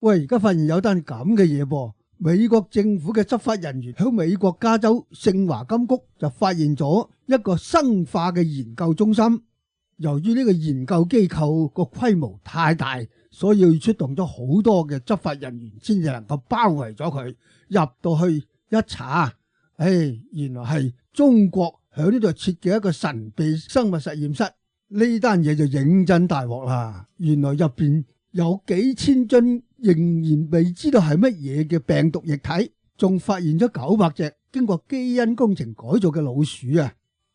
喂，而家發現有單咁嘅嘢噃，美國政府嘅執法人員喺美國加州聖華金谷就發現咗一個生化嘅研究中心。由於呢個研究機構個規模太大，所以要出動咗好多嘅執法人員先至能夠包圍咗佢。入到去一查，唉、哎，原來係中國喺呢度設計一個神秘生物實驗室。呢單嘢就認真大鑊啦！原來入邊有幾千樽仍然未知道係乜嘢嘅病毒液體，仲發現咗九百隻經過基因工程改造嘅老鼠啊！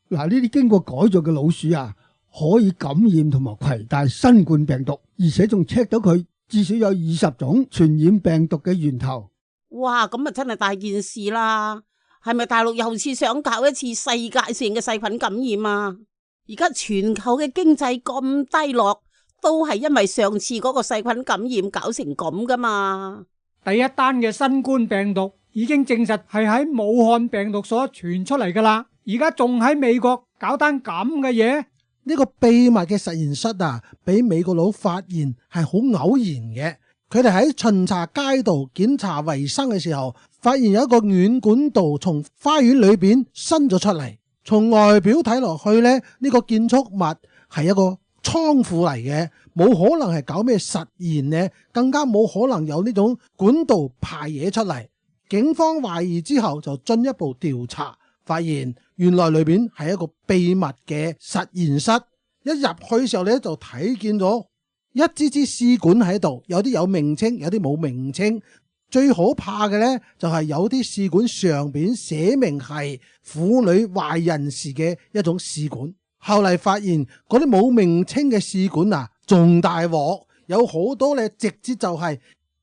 嗱，呢啲經過改造嘅老鼠啊，可以感染同埋携帶新冠病毒，而且仲 check 到佢至少有二十種傳染病毒嘅源頭。哇！咁啊，真係大件事啦！係咪大陸又似想搞一次世界性嘅細菌感染啊？而家全球嘅經濟咁低落，都係因為上次嗰個細菌感染搞成咁噶嘛。第一單嘅新冠病毒已經證實係喺武漢病毒所傳出嚟噶啦，而家仲喺美國搞單咁嘅嘢？呢個秘密嘅實驗室啊，俾美國佬發現係好偶然嘅，佢哋喺巡查街道檢查衛生嘅時候，發現有一個軟管道從花園裏邊伸咗出嚟。從外表睇落去咧，呢、呢個建築物係一個倉庫嚟嘅，冇可能係搞咩實驗呢，更加冇可能有呢種管道排嘢出嚟。警方懷疑之後就進一步調查，發現原來裏邊係一個秘密嘅實驗室。一入去嘅時候咧，就睇見咗一支支試管喺度，有啲有名稱，有啲冇名稱。最可怕嘅呢，就係有啲試管上邊寫明係婦女懷孕時嘅一種試管，後嚟發現嗰啲冇名稱嘅試管啊，仲大鑊，有好多呢，直接就係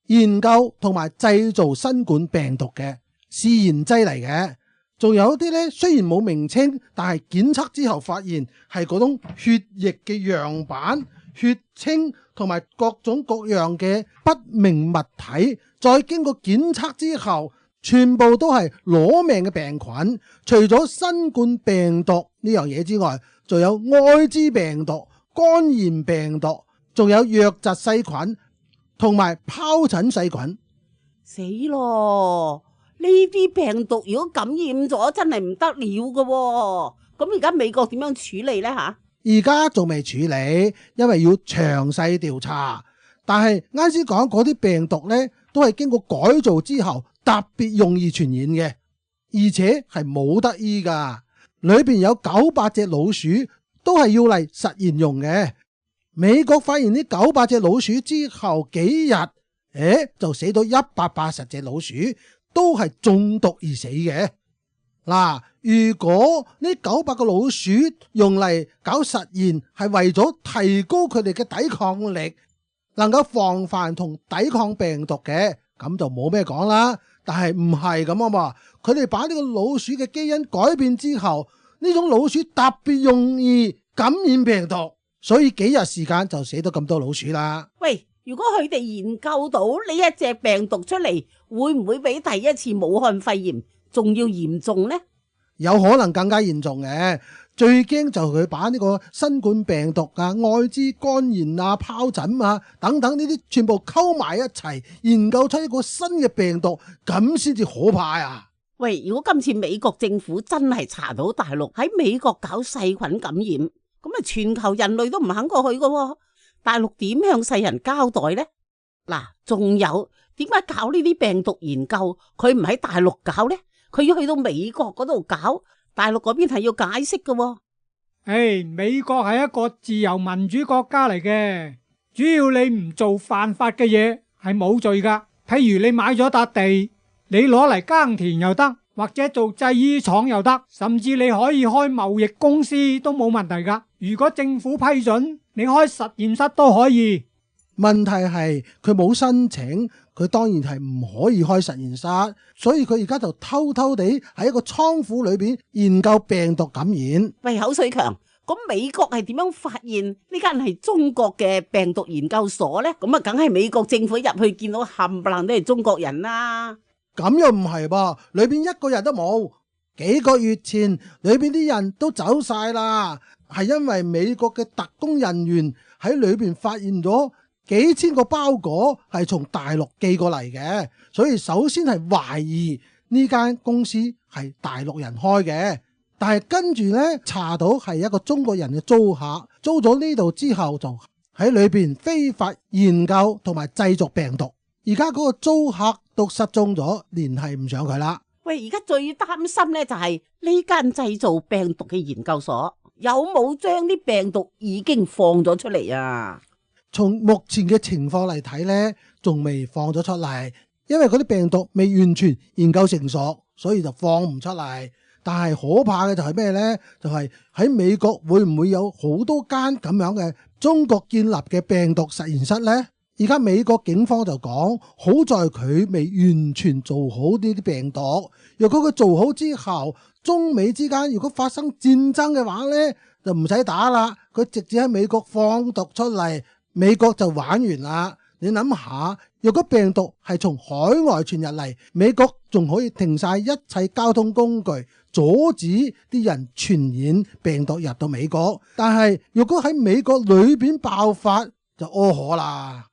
研究同埋製造新冠病毒嘅試驗劑嚟嘅，仲有啲呢，雖然冇名稱，但係檢測之後發現係嗰種血液嘅樣板。血清同埋各種各樣嘅不明物體，再經過檢測之後，全部都係攞命嘅病菌。除咗新冠病毒呢樣嘢之外，仲有艾滋病毒、肝炎病毒，仲有瘧疾細菌同埋皰疹細菌。死咯！呢啲病毒如果感染咗，真係唔得了噶。咁而家美國點樣處理呢？吓？而家仲未處理，因為要詳細調查。但係啱先講嗰啲病毒呢，都係經過改造之後特別容易傳染嘅，而且係冇得醫噶。裏邊有九百隻老鼠都係要嚟實驗用嘅。美國發現呢九百隻老鼠之後幾日，誒就死到一百八十隻老鼠，都係中毒而死嘅。嗱，如果呢九百個老鼠用嚟搞實驗，係為咗提高佢哋嘅抵抗力，能夠防範同抵抗病毒嘅，咁就冇咩講啦。但係唔係咁啊嘛，佢哋把呢個老鼠嘅基因改變之後，呢種老鼠特別容易感染病毒，所以幾日時間就死咗咁多老鼠啦。喂，如果佢哋研究到呢一隻病毒出嚟，會唔會俾第一次武漢肺炎？仲要嚴重呢？有可能更加嚴重嘅。最驚就佢把呢個新冠病毒啊、艾滋、肝炎啊、疱疹啊等等呢啲全部溝埋一齊，研究出一個新嘅病毒，咁先至可怕呀，啊！喂，如果今次美國政府真係查到大陸喺美國搞細菌感染，咁啊全球人類都唔肯過去噶，啊，大陸點向世人交代呢？嗱，仲有點解搞呢啲病毒研究，佢唔喺大陸搞呢？佢要去到美國嗰度搞，大陸嗰邊係要解釋噶、哦。唉，Hey, 美國係一個自由民主國家嚟嘅，只要你唔做犯法嘅嘢係冇罪噶。譬如，你買咗笪地，你攞嚟耕田又得，或者做製衣廠又得，甚至你可以開貿易公司都冇問題噶。如果政府批准，你開實驗室都可以。問題係佢冇申請，佢當然係唔可以開實驗室，所以佢而家就偷偷地喺一個倉庫裏邊研究病毒感染。喂，口水強，咁美國係點樣發現呢間係中國嘅病毒研究所呢？咁啊，梗係美國政府入去見到冚唪唥都係中國人啦。咁又唔係噃，裏邊一個人都冇。幾個月前，裏邊啲人都走晒啦，係因為美國嘅特工人員喺裏邊發現咗。幾千個包裹係從大陸寄過嚟嘅，所以首先係懷疑呢間公司係大陸人開嘅。但係跟住呢查到係一個中國人嘅租客租咗呢度之後，就喺裏邊非法研究同埋製造病毒。而家嗰個租客都失蹤咗，聯繫唔上佢啦。喂，而家最擔心呢就係呢間製造病毒嘅研究所有冇將啲病毒已經放咗出嚟啊？從目前嘅情況嚟睇咧，仲未放咗出嚟，因為嗰啲病毒未完全研究成熟，所以就放唔出嚟。但係可怕嘅就係咩咧？就係喺美國會唔會有好多間咁樣嘅中國建立嘅病毒實驗室咧？而家美國警方就講，好在佢未完全做好呢啲病毒。若果佢做好之後，中美之間如果發生戰爭嘅話咧，就唔使打啦，佢直接喺美國放毒出嚟。美國就玩完啦！你諗下，若果病毒係從海外傳入嚟，美國仲可以停晒一切交通工具，阻止啲人傳染病毒入到美國。但係若果喺美國裏邊爆發，就阿可啦。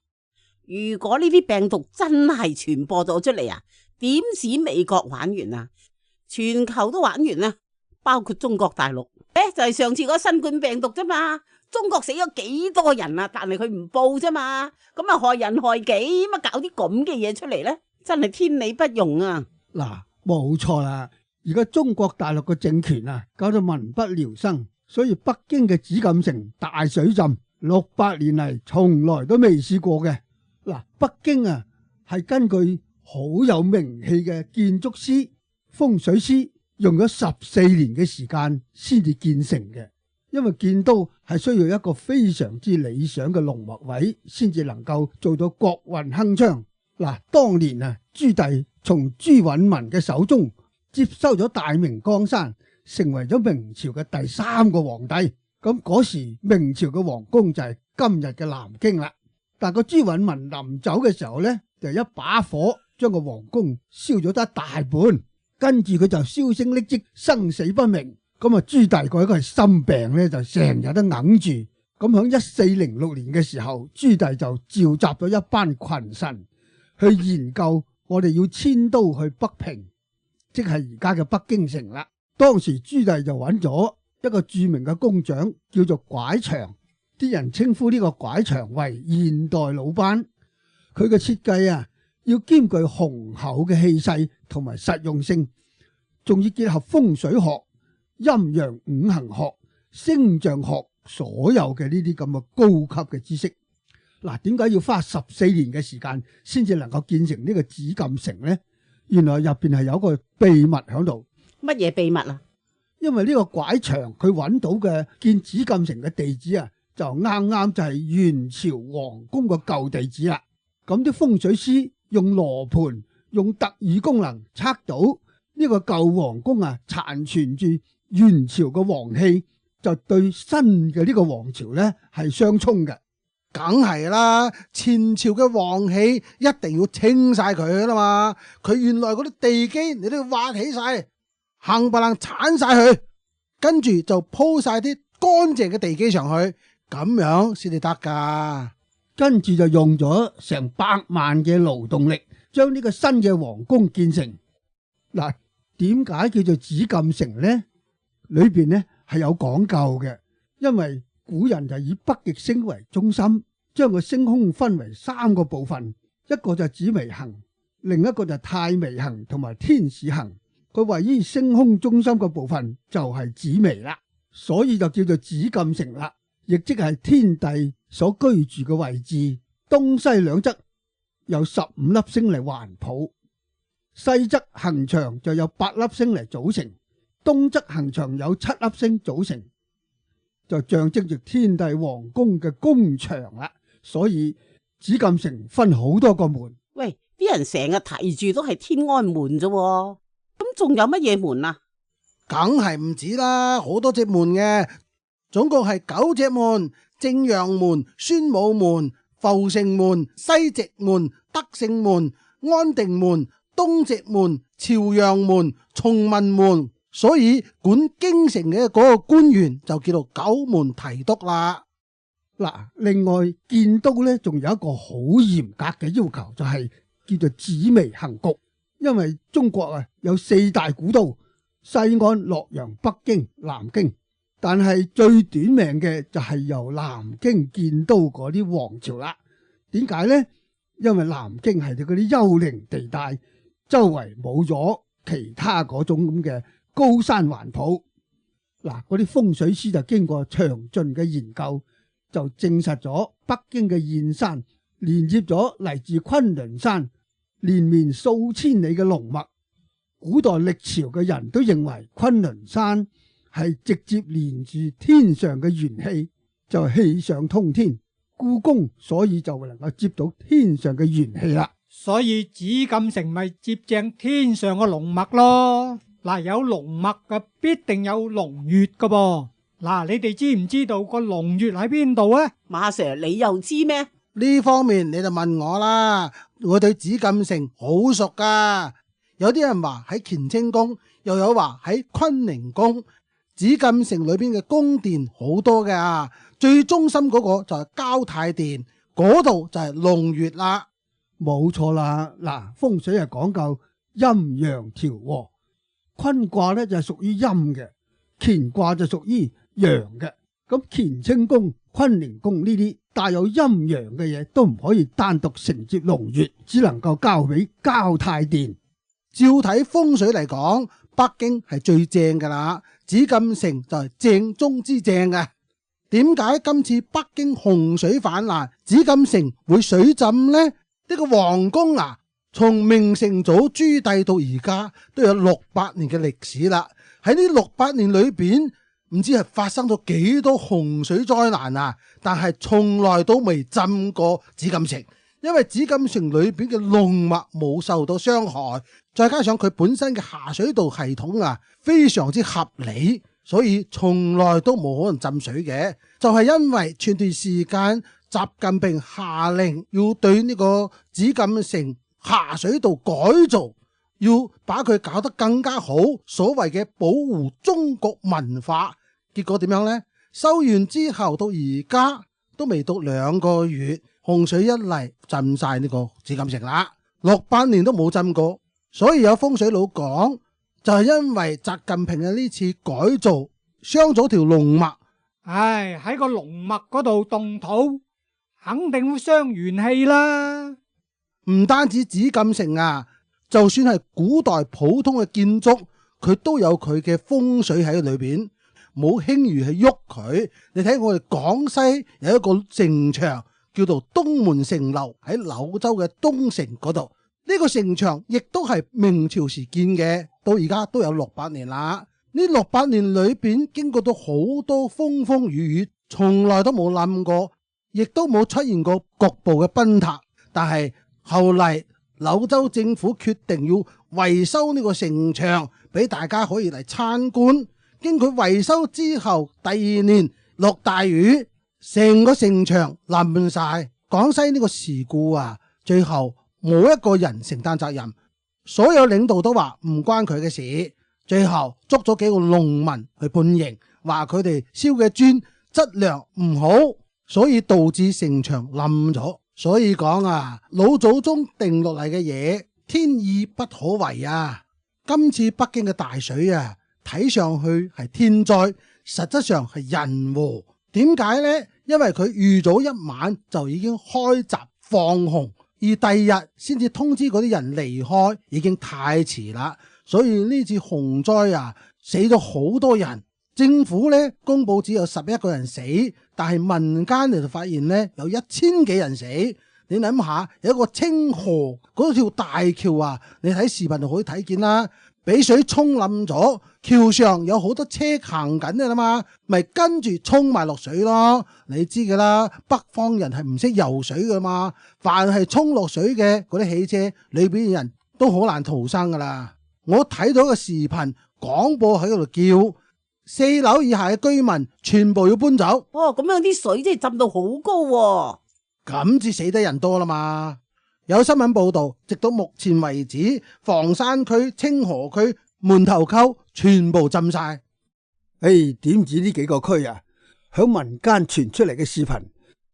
如果呢啲病毒真係傳播咗出嚟啊，點止美國玩完啊？全球都玩完啊，包括中國大陸。誒，就係上次嗰個新冠病毒啫嘛。中國死咗幾多人啊？但係佢唔報啫嘛，咁啊，害人害己，乜搞啲咁嘅嘢出嚟呢，真係天理不容啊！嗱，啊，冇錯啦，而家中國大陸嘅政權啊，搞到民不聊生，所以北京嘅紫禁城大水浸，六百年嚟從來都未試過嘅。嗱，啊，北京啊係根據好有名氣嘅建築師、風水師，用咗十四年嘅時間先至建成嘅。因為建都係需要一個非常之理想嘅龍脈位，先至能夠做到國運亨昌。嗱，當年啊，朱棣從朱允炆嘅手中接收咗大明江山，成為咗明朝嘅第三個皇帝。咁嗰時，明朝嘅皇宮就係今日嘅南京啦。但個朱允炆臨走嘅時候呢，就一把火將個皇宮燒咗得大半，跟住佢就銷聲匿跡，生死不明。咁啊，朱棣佢一個係心病咧，就成日都揞住。咁響一四零六年嘅時候，朱棣就召集咗一班群臣去研究，我哋要遷都去北平，即係而家嘅北京城啦。當時朱棣就揾咗一個著名嘅工長，叫做蒯祥，啲人稱呼呢個蒯祥為現代魯班。佢嘅設計啊，要兼具雄厚嘅氣勢同埋實用性，仲要結合風水學。陰陽五行學、星象學，所有嘅呢啲咁嘅高級嘅知識，嗱、啊，點解要花十四年嘅時間先至能夠建成呢個紫禁城呢？原來入邊係有一個秘密響度，乜嘢秘密啊？因為呢個拐牆佢揾到嘅建紫禁城嘅地址啊，就啱啱就係元朝皇宮個舊地址啦。咁啲風水師用羅盤，用特異功能測到呢個舊皇宮啊殘存住。元朝嘅王氣就對新嘅呢個王朝咧係相沖嘅，梗係啦。前朝嘅王氣一定要清晒佢啦嘛，佢原來嗰啲地基你都要挖起晒，冚唪唥鏟晒佢，跟住就鋪晒啲乾淨嘅地基上去，咁樣先至得噶。跟住就用咗成百萬嘅勞動力將呢個新嘅皇宮建成。嗱，點解叫做紫禁城咧？裏邊呢係有講究嘅，因為古人就以北極星為中心，將個星空分為三個部分，一個就紫微垣，另一個就太微垣，同埋天市垣。佢位於星空中心嘅部分就係紫微啦，所以就叫做紫禁城啦，亦即係天帝所居住嘅位置。東西兩側有十五粒星嚟環抱，西側垣墻就有八粒星嚟組成。東側行牆有七粒星組成，就象徵住天帝皇宮嘅宮牆啦。所以紫禁城分好多個門。喂，啲人成日提住都係天安門啫，咁仲有乜嘢門啊？梗係唔止啦，好多隻門嘅，總共係九隻門：正陽門、宣武門、阜成門、西直門、德勝門、安定門、東直門、朝陽門、崇文門。所以管京城嘅嗰個官員就叫做九門提督啦。嗱，另外建都咧，仲有一個好嚴格嘅要求，就係叫做紫薇行局。因為中國啊有四大古都：西安、洛陽、北京、南京。但係最短命嘅就係由南京建都嗰啲王朝啦。點解咧？因為南京係嗰啲幽靈地帶，周圍冇咗其他嗰種咁嘅。高山環抱，嗱，嗰啲風水師就經過詳盡嘅研究，就證實咗北京嘅燕山連接咗嚟自昆崙山連綿數千里嘅龍脈。古代歷朝嘅人都認為昆崙山係直接連住天上嘅元氣，就氣上通天，故宮所以就能夠接到天上嘅元氣啦。所以紫禁城咪接正天上嘅龍脈咯。嗱，有龍脈嘅必定有龍穴嘅噃。嗱，你哋知唔知道個龍穴喺邊度啊？馬 Sir，你又知咩？呢方面你就問我啦。我對紫禁城好熟噶，有啲人話喺乾清宮，又有話喺坤寧宮。紫禁城裏邊嘅宮殿好多嘅啊，最中心嗰個就係交泰殿，嗰度就係龍穴啦。冇錯啦。嗱，風水係講究陰陽調和哦。坤卦咧就係屬於陰嘅，乾卦就屬於陽嘅。咁乾清宮、坤寧宮呢啲帶有陰陽嘅嘢，都唔可以單獨承接龍穴，只能夠交俾交泰殿。照睇風水嚟講，北京係最正噶啦，紫禁城就係正中之正嘅。點解今次北京洪水泛濫，紫禁城會水浸呢？呢、呢個皇宮啊！從明成祖朱棣到而家都有六百年嘅歷史啦。喺呢六百年裏邊，唔知係發生咗幾多洪水災難啊！但係從來都未浸過紫禁城，因為紫禁城裏邊嘅龍脈冇受到傷害，再加上佢本身嘅下水道系統啊，非常之合理，所以從來都冇可能浸水嘅。就係因為前段時間習近平下令要對呢個紫禁城下水道改造，要把佢搞得更加好，所謂嘅保護中國文化，結果點樣呢？修完之後到而家都未到兩個月，洪水一嚟浸晒呢個紫禁城啦，六百年都冇浸過，所以有風水佬講，就係、是、因為習近平嘅呢次改造傷咗條龍脈，唉，喺、哎、個龍脈嗰度動土，肯定會傷元氣啦。唔單止紫禁城啊，就算係古代普通嘅建築，佢都有佢嘅風水喺佢裏邊，冇輕易去喐佢。你睇我哋廣西有一個城牆，叫做東門城樓，喺柳州嘅東城嗰度。呢個城牆亦都係明朝時建嘅，到而家都有六百年啦。呢六百年裏邊經過到好多風風雨雨，從來都冇冧過，亦都冇出現過局部嘅崩塌，但係。後嚟柳州政府決定要維修呢個城牆，俾大家可以嚟參觀。經佢維修之後，第二年落大雨，成個城牆冧晒。廣西呢個事故啊，最後冇一個人承擔責任，所有領導都話唔關佢嘅事。最後捉咗幾個農民去判刑，話佢哋燒嘅磚質量唔好，所以導致城牆冧咗。所以講啊，老祖宗定落嚟嘅嘢，天意不可違啊。今次北京嘅大水啊，睇上去係天災，實質上係人禍。點解呢？因為佢預早一晚就已經開閘放洪，而第二日先至通知嗰啲人離開，已經太遲啦。所以呢次洪災啊，死咗好多人。政府咧公佈只有十一個人死，但係民間就發現咧有一千幾人死。你諗下，有一個清河嗰條大橋啊，你睇視頻就可以睇見啦，俾水沖冧咗，橋上有好多車行緊噶啦嘛，咪跟住沖埋落水咯。你知噶啦，北方人係唔識游水噶嘛，凡係沖落水嘅嗰啲汽車裏邊嘅人都好難逃生噶啦。我睇到個視頻廣播喺嗰度叫。四樓以下嘅居民全部要搬走。哦，咁樣啲水真係浸到好高，哦。咁至死得人多啦嘛？有新聞報道，直到目前為止，房山區、清河區、門頭溝全部浸晒。唉、哎，點止呢幾個區啊？響民間傳出嚟嘅視頻，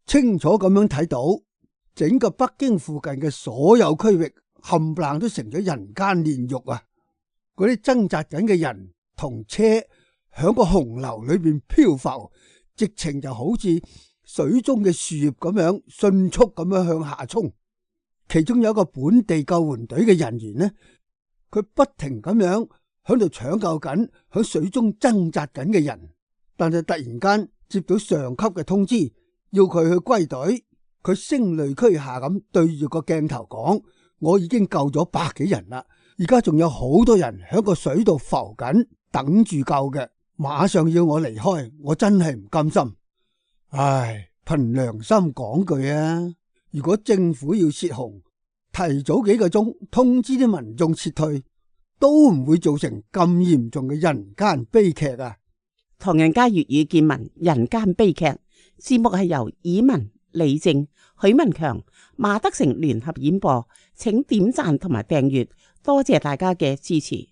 清楚咁樣睇到整個北京附近嘅所有區域冚唪唥都成咗人間煉獄啊！嗰啲掙扎緊嘅人同車。響個洪流裏邊漂浮，直情就好似水中嘅樹葉咁樣，迅速咁樣向下衝。其中有一個本地救援隊嘅人員呢，佢不停咁樣響度搶救緊，響水中掙扎緊嘅人。但係突然間接到上級嘅通知，要佢去歸隊。佢聲淚俱下咁對住個鏡頭講：我已經救咗百幾人啦，而家仲有好多人響個水度浮緊，等住救嘅。馬上要我離開，我真係唔甘心。唉，憑良心講句啊，如果政府要洩洪，提早幾個鐘通知啲民眾撤退，都唔會造成咁嚴重嘅人間悲劇啊！唐人街粵語見聞，人間悲劇，節目係由以文、李靜、許文強、馬德成聯合演播，請點讚同埋訂閱，多謝大家嘅支持。